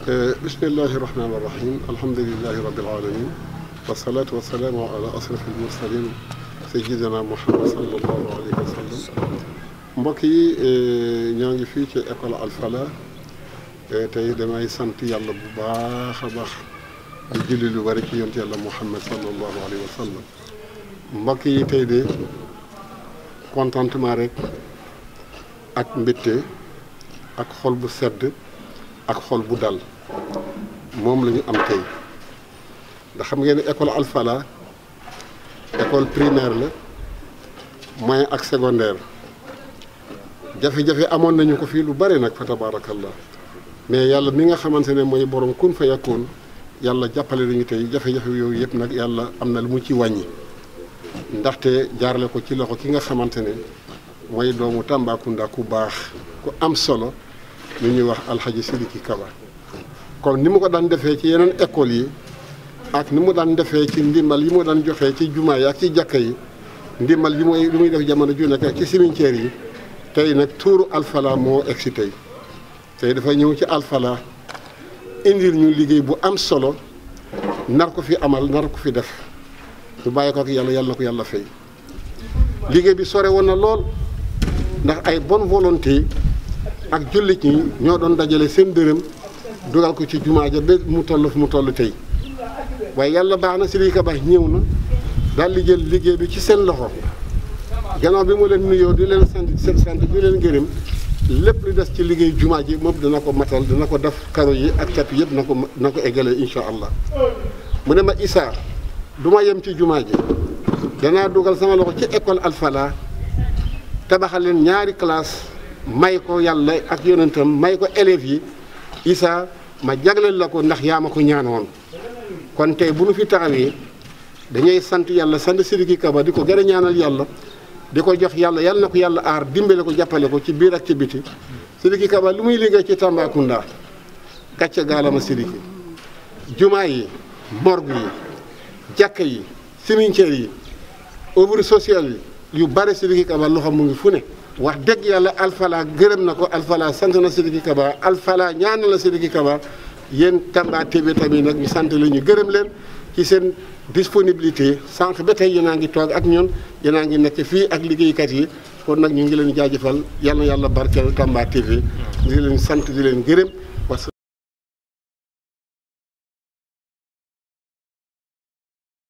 bismillahi rahmaani rahim alhamdulilahi rabil alamin wasalaatu wasalaamu ala asrafil mursalin sayyidina muhammad sallallahu alayhi wa sallam mbokk yi ñoo ngi fii ci école Al Falah tey damay sant yàlla bu baax a baax di julli lu bari ci yonent yàlla muhammad sallallahu alayhi wa sallam mbokk yi tey de contentement rek ak mbégte ak xol bu sedd ak xol bu dal moom lañu ñu am tey ndax xam ngeen ne école Alfala école primaire la moyen ak secondaire jafe-jafe amoon nañu ko fii lu bare nag fa tabaarakallah mais yàlla mi nga xamante ne mooy borom kun fa yakkoon yàlla jàppale nañu tey jafe-jafe yooyu yëpp nag yàlla am na lu mu ci wàññi ndaxte jaarale ko ci loxo ki nga xamante ne mooy doomu Tambacounda ku baax ku am solo. lu ñuy wax alxaji Sidiki Kaba kon ni mu ko daan defee ci yeneen écoles yi ak ni mu daan defee ci ndimbal yi mu daan joxee ci jumaa yi ak ci jàkka yi ndimbal yi mooy li muy def jamono ju nekk ak ci cimetière yi tey nag tuuru Alfala moo egg si tey tey dafa ñëw ci Alfala indi ñu liggéey bu am solo nar ko fi amal nar ko fi def ñu bàyyi ko ak yàlla yàlla na ko yàlla fay liggéey bi sore woon na lool ndax ay bonne volonté ak jullit ñi ñoo doon dajale seen dërëm dugal ko ci jumaa ja ba mu toll fu mu toll tey waaye yàlla baax na si Sëriñ Kaba ñëw na daal di jël liggéey bi ci seen loxo gannaaw bi mu leen nuyoo di leen sant seen sant di leen gërëm lépp li des ci liggéey jumaa ji moom dana ko matal dana ko def karo yi ak cat yëpp na ko na ko eggale incha allah mu ne ma Issa du yem ci jumaa ji danaa dugal sama loxo ci école Alfala tabaxal leen ñaari classe may ko yàlla ak yonentam may ko élèves yi Issa ma jagleel la ko ndax yaa ma ko ñaanoon kon tey bu nu fi taxawee dañuy sant yàlla sant Sidiki Kaba di ko gën a ñaanal yàlla di ko jox yàlla yàlla na ko yàlla aar dimbale ko jàppale ko ci biir ak ci biti Sidiki Kaba lu muy liggéey ci Tambacounda gàcce gaalama Sidiki jumaa yi morgue yi jàkka yi cimetière yi œuvre sociale yi yu bare Sidiki Kaba loo xam mu ngi fu ne wax dëgg yàlla alfala gërëm na ko alfala sant na Sidiki Kaba alfala ñaanal na Sidiki Kaba yéen Tamba TV tamit nag ñu sant leen ñu gërëm leen ci seen disponibilité sànq ba tey yéen a ngi toog ak ñun yéen a ngi nekk fii ak liggéeykat yi kon nag ñu ngi leen jaajëfal yal na yàlla barkeel Tamba TV di leen sant di leen gërëm.